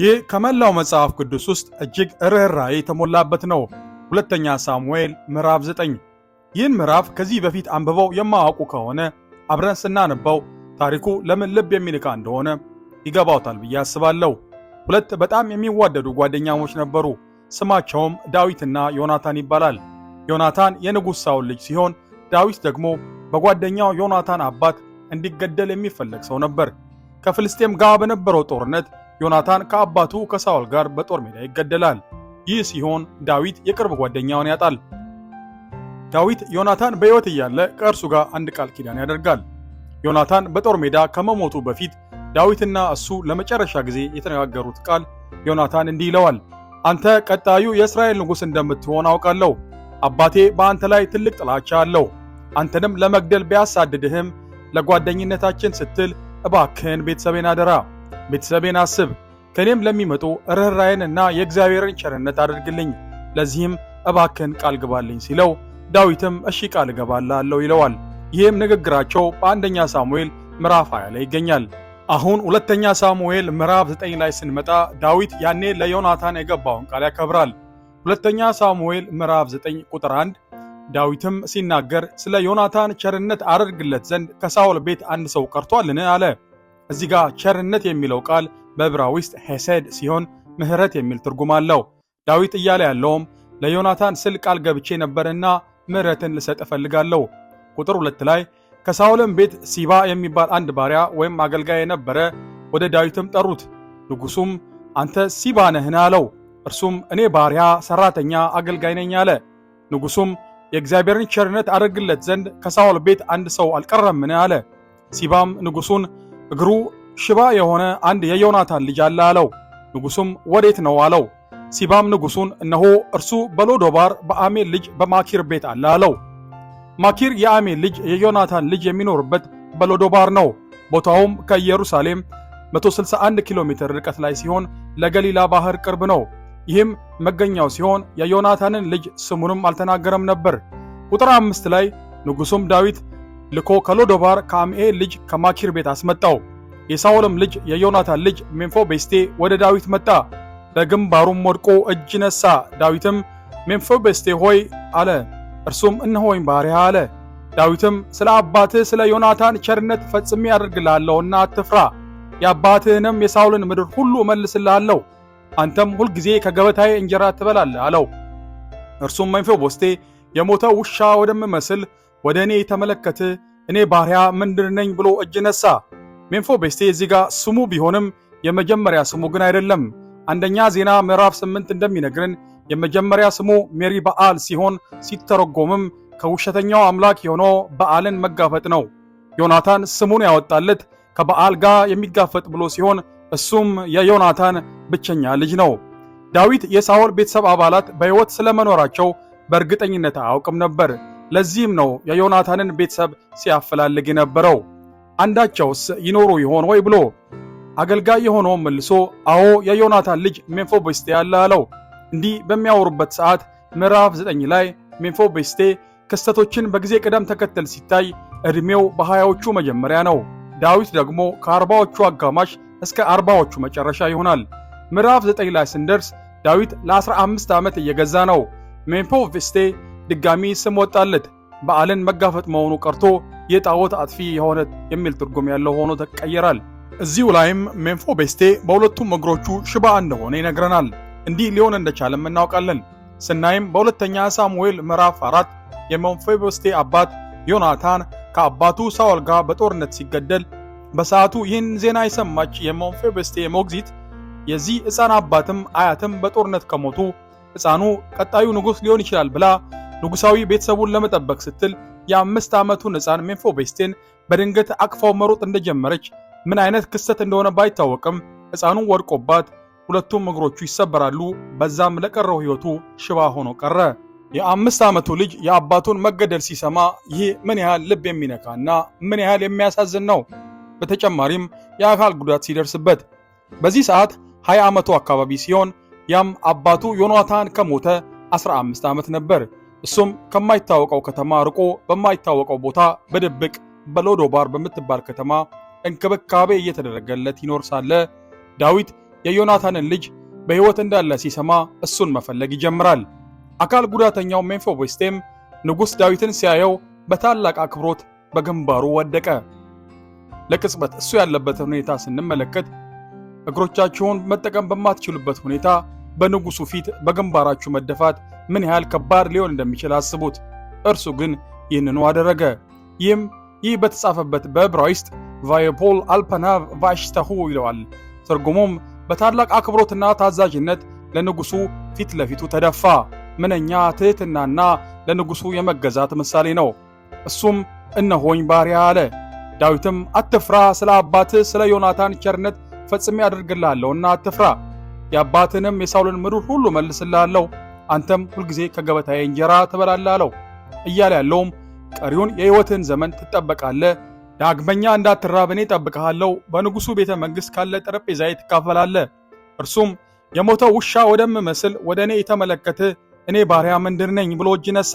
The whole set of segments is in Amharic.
ይህ ከመላው መጽሐፍ ቅዱስ ውስጥ እጅግ ርኅራኄ የተሞላበት ነው። ሁለተኛ ሳሙኤል ምዕራፍ 9። ይህን ምዕራፍ ከዚህ በፊት አንብበው የማያውቁ ከሆነ አብረን ስናነባው ታሪኩ ለምን ልብ የሚልካ እንደሆነ ይገባውታል ብዬ አስባለሁ። ሁለት በጣም የሚዋደዱ ጓደኛሞች ነበሩ። ስማቸውም ዳዊትና ዮናታን ይባላል። ዮናታን የንጉሥ ሳውል ልጅ ሲሆን ዳዊት ደግሞ በጓደኛው ዮናታን አባት እንዲገደል የሚፈለግ ሰው ነበር። ከፍልስጤም ጋር በነበረው ጦርነት ዮናታን ከአባቱ ከሳውል ጋር በጦር ሜዳ ይገደላል። ይህ ሲሆን ዳዊት የቅርብ ጓደኛውን ያጣል። ዳዊት ዮናታን በሕይወት እያለ ከእርሱ ጋር አንድ ቃል ኪዳን ያደርጋል። ዮናታን በጦር ሜዳ ከመሞቱ በፊት ዳዊትና እሱ ለመጨረሻ ጊዜ የተነጋገሩት ቃል ዮናታን እንዲህ ይለዋል፣ አንተ ቀጣዩ የእስራኤል ንጉሥ እንደምትሆን አውቃለሁ። አባቴ በአንተ ላይ ትልቅ ጥላቻ አለው። አንተንም ለመግደል ቢያሳድድህም ለጓደኝነታችን ስትል እባክህን ቤተሰቤን አደራ ቤተሰቤን አስብ፣ ከእኔም ለሚመጡ ርኅራዬን እና የእግዚአብሔርን ቸርነት አድርግልኝ፣ ለዚህም እባክን ቃል ግባልኝ ሲለው ዳዊትም እሺ ቃል እገባልሃለሁ ይለዋል። ይህም ንግግራቸው በአንደኛ ሳሙኤል ምዕራፍ 20 ላይ ይገኛል። አሁን ሁለተኛ ሳሙኤል ምዕራፍ 9 ላይ ስንመጣ ዳዊት ያኔ ለዮናታን የገባውን ቃል ያከብራል። ሁለተኛ ሳሙኤል ምዕራፍ 9 ቁጥር 1 ዳዊትም ሲናገር ስለ ዮናታን ቸርነት አደርግለት ዘንድ ከሳውል ቤት አንድ ሰው ቀርቷልን? አለ። እዚህ ጋር ቸርነት የሚለው ቃል በዕብራይስጥ ሄሴድ ሲሆን ምሕረት የሚል ትርጉም አለው። ዳዊት እያለ ያለውም ለዮናታን ስል ቃል ገብቼ ነበርና ምሕረትን ልሰጥ እፈልጋለሁ። ቁጥር ሁለት ላይ ከሳውልም ቤት ሲባ የሚባል አንድ ባሪያ ወይም አገልጋይ የነበረ ወደ ዳዊትም ጠሩት። ንጉሡም አንተ ሲባ ነህን አለው። እርሱም እኔ ባሪያ፣ ሰራተኛ፣ አገልጋይ ነኝ አለ። ንጉሡም የእግዚአብሔርን ቸርነት አደርግለት ዘንድ ከሳውል ቤት አንድ ሰው አልቀረምን አለ። ሲባም ንጉሡን እግሩ ሽባ የሆነ አንድ የዮናታን ልጅ አለ አለው። ንጉሱም ወዴት ነው አለው። ሲባም ንጉሱን እነሆ እርሱ በሎዶባር በአሜር ልጅ በማኪር ቤት አለ አለው። ማኪር የአሜር ልጅ የዮናታን ልጅ የሚኖርበት በሎዶባር ነው። ቦታውም ከኢየሩሳሌም 161 ኪሎ ሜትር ርቀት ላይ ሲሆን ለገሊላ ባህር ቅርብ ነው። ይህም መገኛው ሲሆን የዮናታንን ልጅ ስሙንም አልተናገረም ነበር። ቁጥር አምስት ላይ ንጉሱም ዳዊት ልኮ ከሎዶባር ከአምኤል ልጅ ከማኪር ቤት አስመጣው። የሳኦልም ልጅ የዮናታን ልጅ በስቴ ወደ ዳዊት መጣ፣ በግንባሩም ወድቆ እጅ ነሳ። ዳዊትም ሜምፎቤስቴ ሆይ አለ። እርሱም እነሆኝ ባሪያ አለ። ዳዊትም ስለ አባትህ ስለ ዮናታን ቸርነት ፈጽሜ አደርግልሃለሁና አትፍራ፣ የአባትህንም የሳኦልን ምድር ሁሉ እመልስልሃለሁ፣ አንተም ሁልጊዜ ከገበታዬ እንጀራ ትበላለህ አለው። እርሱም ሜምፊቦስቴ የሞተ ውሻ ወደምመስል ወደ እኔ ተመለከተ፣ እኔ ባሪያ ምንድር ነኝ ብሎ እጅ ነሳ። ሜምፎቤስቴ እዚህ ጋር ስሙ ቢሆንም የመጀመሪያ ስሙ ግን አይደለም። አንደኛ ዜና ምዕራፍ ስምንት እንደሚነግርን የመጀመሪያ ስሙ ሜሪ በዓል ሲሆን ሲተረጎምም ከውሸተኛው አምላክ የሆነው በዓልን መጋፈጥ ነው። ዮናታን ስሙን ያወጣለት ከበዓል ጋር የሚጋፈጥ ብሎ ሲሆን እሱም የዮናታን ብቸኛ ልጅ ነው። ዳዊት የሳኦል ቤተሰብ አባላት በሕይወት ስለመኖራቸው በእርግጠኝነት አያውቅም ነበር። ለዚህም ነው የዮናታንን ቤተሰብ ሲያፈላልግ የነበረው። አንዳቸውስ ይኖሩ ይሆን ወይ ብሎ አገልጋይ የሆነውን መልሶ አዎ የዮናታን ልጅ ሜምፎቦስቴ አለ አለው። እንዲህ በሚያወሩበት ሰዓት ምዕራፍ 9 ላይ ሜምፎቦስቴ ክስተቶችን በጊዜ ቅደም ተከተል ሲታይ ዕድሜው በሀያዎቹ መጀመሪያ ነው። ዳዊት ደግሞ ከአርባዎቹ አጋማሽ እስከ አርባዎቹ መጨረሻ ይሆናል። ምዕራፍ 9 ላይ ስንደርስ ዳዊት ለ15 ዓመት እየገዛ ነው። ሜምፊቦስቴ ድጋሚ ስም ወጣለት። በዓልን መጋፈጥ መሆኑ ቀርቶ የጣዖት አጥፊ የሆነ የሚል ትርጉም ያለው ሆኖ ተቀየራል። እዚሁ ላይም ሜምፎ ቤስቴ በሁለቱም እግሮቹ ሽባ እንደሆነ ይነግረናል። እንዲህ ሊሆን እንደቻለም እናውቃለን። ስናይም በሁለተኛ ሳሙኤል ምዕራፍ አራት የሜምፊቦስቴ አባት ዮናታን ከአባቱ ሳውል ጋር በጦርነት ሲገደል በሰዓቱ ይህን ዜና የሰማች የሜምፊቦስቴ ሞግዚት የዚህ ሕፃን አባትም አያትም በጦርነት ከሞቱ ሕፃኑ ቀጣዩ ንጉሥ ሊሆን ይችላል ብላ ንጉሳዊ ቤተሰቡን ለመጠበቅ ስትል የአምስት ዓመቱን ሕፃን ሜንፎቤስቴን በድንገት አቅፋው መሮጥ እንደጀመረች ምን አይነት ክስተት እንደሆነ ባይታወቅም ሕፃኑ ወድቆባት ሁለቱም እግሮቹ ይሰበራሉ። በዛም ለቀረው ሕይወቱ ሽባ ሆኖ ቀረ። የአምስት ዓመቱ ልጅ የአባቱን መገደል ሲሰማ ይህ ምን ያህል ልብ የሚነካና ምን ያህል የሚያሳዝን ነው። በተጨማሪም የአካል ጉዳት ሲደርስበት በዚህ ሰዓት 20 ዓመቱ አካባቢ ሲሆን ያም አባቱ ዮናታን ከሞተ 15 ዓመት ነበር። እሱም ከማይታወቀው ከተማ ርቆ በማይታወቀው ቦታ በድብቅ በሎዶባር በምትባል ከተማ እንክብካቤ እየተደረገለት ይኖር ሳለ ዳዊት የዮናታንን ልጅ በሕይወት እንዳለ ሲሰማ እሱን መፈለግ ይጀምራል። አካል ጉዳተኛው ሜምፊቦስቴም ንጉሥ ዳዊትን ሲያየው በታላቅ አክብሮት በግንባሩ ወደቀ። ለቅጽበት እሱ ያለበትን ሁኔታ ስንመለከት እግሮቻችሁን መጠቀም በማትችሉበት ሁኔታ በንጉሱ ፊት በግንባራችሁ መደፋት ምን ያህል ከባድ ሊሆን እንደሚችል አስቡት። እርሱ ግን ይህንኑ አደረገ። ይህም ይህ በተጻፈበት በዕብራይስጥ ቫየፖል አልፐናቭ ቫሽተሁ ይለዋል። ትርጉሙም በታላቅ አክብሮትና ታዛዥነት ለንጉሱ ፊት ለፊቱ ተደፋ። ምንኛ ትህትናና ለንጉሱ የመገዛት ምሳሌ ነው። እሱም እነሆኝ ባሪያ አለ። ዳዊትም አትፍራ፣ ስለ አባትህ ስለ ዮናታን ቸርነት ፈጽሜ አደርግልሃለሁና አትፍራ የአባትንም የሳውልን ምድር ሁሉ መልስልሃለሁ፣ አንተም ሁልጊዜ ከገበታዬ እንጀራ ትበላለህ አለው እያለ ያለውም ቀሪውን የሕይወትን ዘመን ትጠበቃለህ፣ ዳግመኛ እንዳትራብ እኔ እጠብቅሃለሁ፣ በንጉሡ ቤተ መንግሥት ካለ ጠረጴዛዬ ትካፈላለህ። እርሱም የሞተ ውሻ ወደምመስል ወደ እኔ የተመለከተ እኔ ባሪያ ምንድር ነኝ ብሎ እጅ ነሳ።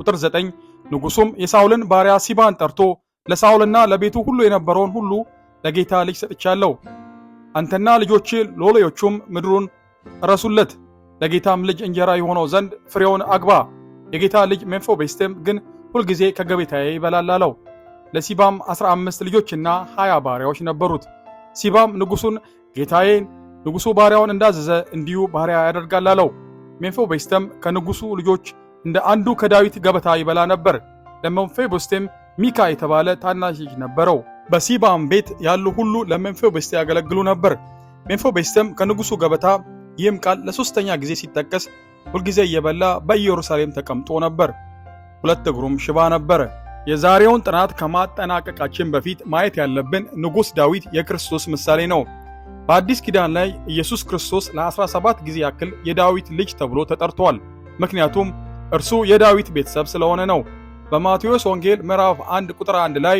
ቁጥር 9 ንጉሡም የሳውልን ባሪያ ሲባን ጠርቶ ለሳውልና ለቤቱ ሁሉ የነበረውን ሁሉ ለጌታ ልጅ ሰጥቻለሁ አንተና ልጆች ሎሌዎቹም ምድሩን ረሱለት። ለጌታም ልጅ እንጀራ የሆነው ዘንድ ፍሬውን አግባ። የጌታ ልጅ ሜምፎቤስትም ግን ሁልጊዜ ከገበታዬ ይበላል አለው። ለሲባም 15 ልጆችና 20 ባሪያዎች ነበሩት። ሲባም ንጉሱን ጌታዬን ንጉሱ ባሪያውን እንዳዘዘ እንዲሁ ባሪያ ያደርጋል አለው። ሜምፎቤስትም ከንጉሱ ልጆች እንደ አንዱ ከዳዊት ገበታ ይበላ ነበር። ለሜምፊቦስቴም ሚካ የተባለ ታናሽ ልጅ ነበረው። በሲባም ቤት ያሉ ሁሉ ለሜምፊቦስቴ ያገለግሉ ነበር። ሜምፊቦስቴም ከንጉሱ ገበታ ይህም ቃል ለሶስተኛ ጊዜ ሲጠቀስ ሁልጊዜ እየበላ በኢየሩሳሌም ተቀምጦ ነበር። ሁለት እግሩም ሽባ ነበር። የዛሬውን ጥናት ከማጠናቀቃችን በፊት ማየት ያለብን ንጉሥ ዳዊት የክርስቶስ ምሳሌ ነው። በአዲስ ኪዳን ላይ ኢየሱስ ክርስቶስ ለ17 ጊዜ ያክል የዳዊት ልጅ ተብሎ ተጠርቷል። ምክንያቱም እርሱ የዳዊት ቤተሰብ ስለሆነ ነው። በማቴዎስ ወንጌል ምዕራፍ 1 ቁጥር 1 ላይ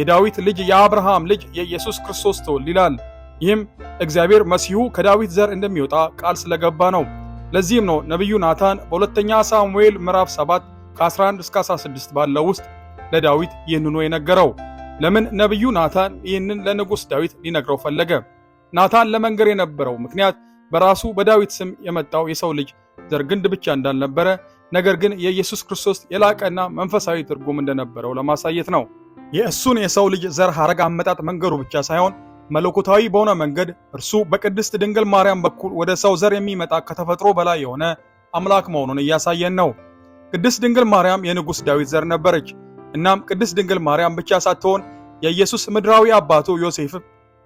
የዳዊት ልጅ የአብርሃም ልጅ የኢየሱስ ክርስቶስ ትውል ይላል። ይህም እግዚአብሔር መሲሁ ከዳዊት ዘር እንደሚወጣ ቃል ስለገባ ነው። ለዚህም ነው ነቢዩ ናታን በሁለተኛ ሳሙኤል ምዕራፍ 7 ከ11 እስከ 16 ባለው ውስጥ ለዳዊት ይህንኑ የነገረው። ለምን ነቢዩ ናታን ይህንን ለንጉሥ ዳዊት ሊነግረው ፈለገ? ናታን ለመንገር የነበረው ምክንያት በራሱ በዳዊት ስም የመጣው የሰው ልጅ ዘር ግንድ ብቻ እንዳልነበረ ነገር ግን የኢየሱስ ክርስቶስ የላቀና መንፈሳዊ ትርጉም እንደነበረው ለማሳየት ነው። የእሱን የሰው ልጅ ዘር ሐረግ አመጣጥ መንገዱ ብቻ ሳይሆን መለኮታዊ በሆነ መንገድ እርሱ በቅድስት ድንግል ማርያም በኩል ወደ ሰው ዘር የሚመጣ ከተፈጥሮ በላይ የሆነ አምላክ መሆኑን እያሳየን ነው። ቅድስት ድንግል ማርያም የንጉሥ ዳዊት ዘር ነበረች። እናም ቅድስት ድንግል ማርያም ብቻ ሳትሆን የኢየሱስ ምድራዊ አባቱ ዮሴፍ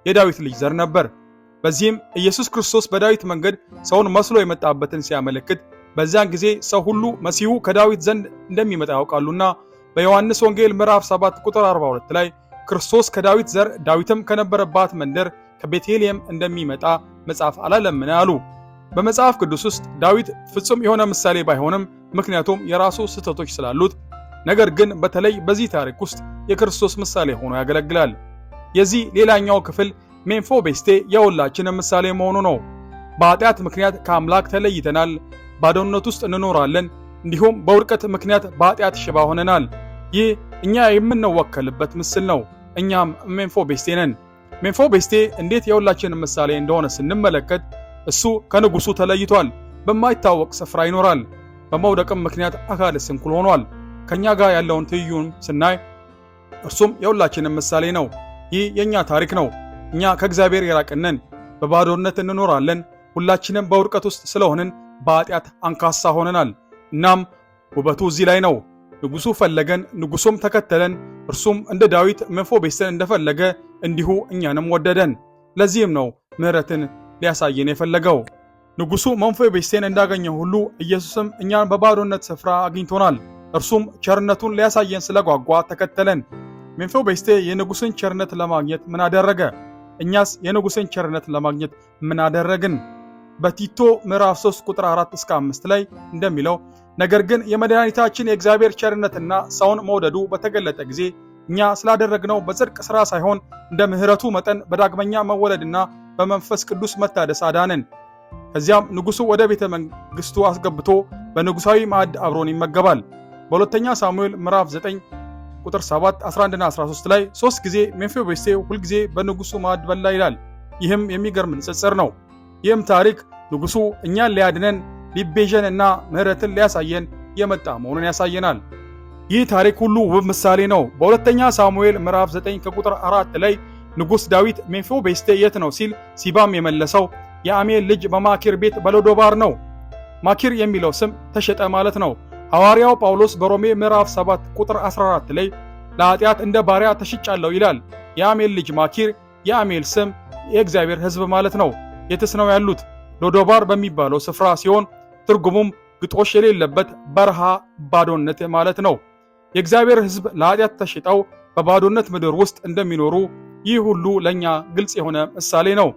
የዳዊት ልጅ ዘር ነበር። በዚህም ኢየሱስ ክርስቶስ በዳዊት መንገድ ሰውን መስሎ የመጣበትን ሲያመለክት፣ በዚያን ጊዜ ሰው ሁሉ መሲሁ ከዳዊት ዘንድ እንደሚመጣ ያውቃሉና በዮሐንስ ወንጌል ምዕራፍ 7 ቁጥር 42 ላይ ክርስቶስ ከዳዊት ዘር ዳዊትም ከነበረባት መንደር ከቤተልሔም እንደሚመጣ መጽሐፍ አላለምን አሉ። በመጽሐፍ ቅዱስ ውስጥ ዳዊት ፍጹም የሆነ ምሳሌ ባይሆንም ምክንያቱም የራሱ ስህተቶች ስላሉት፣ ነገር ግን በተለይ በዚህ ታሪክ ውስጥ የክርስቶስ ምሳሌ ሆኖ ያገለግላል። የዚህ ሌላኛው ክፍል ሜንፎ ቤስቴ የሁላችንም ምሳሌ መሆኑ ነው። በኃጢአት ምክንያት ከአምላክ ተለይተናል፣ ባዶነት ውስጥ እንኖራለን እንዲሁም በውድቀት ምክንያት በኃጢአት ሽባ ሆነናል። ይህ እኛ የምንወከልበት ምስል ነው። እኛም ሜንፎ ቤስቴ ነን። ሜንፎ ቤስቴ እንዴት የሁላችን ምሳሌ እንደሆነ ስንመለከት እሱ ከንጉሱ ተለይቷል፣ በማይታወቅ ስፍራ ይኖራል። በመውደቅም ምክንያት አካለ ስንኩል ሆኗል። ከእኛ ጋር ያለውን ትይዩን ስናይ እርሱም የሁላችንም ምሳሌ ነው። ይህ የእኛ ታሪክ ነው። እኛ ከእግዚአብሔር የራቅነን በባዶነት እንኖራለን። ሁላችንም በውድቀት ውስጥ ስለሆንን በኃጢአት አንካሳ ሆነናል። እናም ውበቱ እዚህ ላይ ነው። ንጉሱ ፈለገን፣ ንጉሱም ተከተለን። እርሱም እንደ ዳዊት መፎቤስን እንደፈለገ እንዲሁ እኛንም ወደደን። ለዚህም ነው ምሕረትን ሊያሳየን የፈለገው። ንጉሱ መፎቤስን እንዳገኘ ሁሉ ኢየሱስም እኛን በባዶነት ስፍራ አግኝቶናል። እርሱም ቸርነቱን ሊያሳየን ስለጓጓ ተከተለን። ሜምፊቦስቴ የንጉስን ቸርነት ለማግኘት ምን አደረገ? እኛስ የንጉስን ቸርነት ለማግኘት ምን አደረግን? በቲቶ ምዕራፍ 3 ቁጥር 4 እስከ 5 ላይ እንደሚለው ነገር ግን የመድኃኒታችን የእግዚአብሔር ቸርነትና ሰውን መውደዱ በተገለጠ ጊዜ እኛ ስላደረግነው በጽድቅ ሥራ ሳይሆን እንደ ምሕረቱ መጠን በዳግመኛ መወለድና በመንፈስ ቅዱስ መታደስ አዳነን። ከዚያም ንጉሡ ወደ ቤተ መንግሥቱ አስገብቶ በንጉሣዊ ማዕድ አብሮን ይመገባል። በሁለተኛ ሳሙኤል ምዕራፍ 9 ቁጥር 7፣ 11ና 13 ላይ ሦስት ጊዜ ሜምፊቦስቴ ሁልጊዜ በንጉሡ ማዕድ በላ ይላል። ይህም የሚገርም ንጽጽር ነው። ይህም ታሪክ ንጉሡ እኛን ሊያድነን ሊቤዠን እና ምሕረትን ሊያሳየን የመጣ መሆኑን ያሳየናል። ይህ ታሪክ ሁሉ ውብ ምሳሌ ነው። በሁለተኛ ሳሙኤል ምዕራፍ 9 ከቁጥር 4 ላይ ንጉሥ ዳዊት ሜምፊቦስቴ የት ነው ሲል ሲባም የመለሰው የአሜል ልጅ በማኪር ቤት በሎዶባር ነው። ማኪር የሚለው ስም ተሸጠ ማለት ነው። ሐዋርያው ጳውሎስ በሮሜ ምዕራፍ 7 ቁጥር 14 ላይ ለኃጢአት እንደ ባሪያ ተሽጫለሁ ይላል። የአሜል ልጅ ማኪር፣ የአሜል ስም የእግዚአብሔር ሕዝብ ማለት ነው። የትስ ነው ያሉት? ሎዶባር በሚባለው ስፍራ ሲሆን ትርጉሙም ግጦሽ የሌለበት በረሃ ባዶነት ማለት ነው። የእግዚአብሔር ሕዝብ ለኃጢአት ተሽጠው በባዶነት ምድር ውስጥ እንደሚኖሩ ይህ ሁሉ ለእኛ ግልጽ የሆነ ምሳሌ ነው።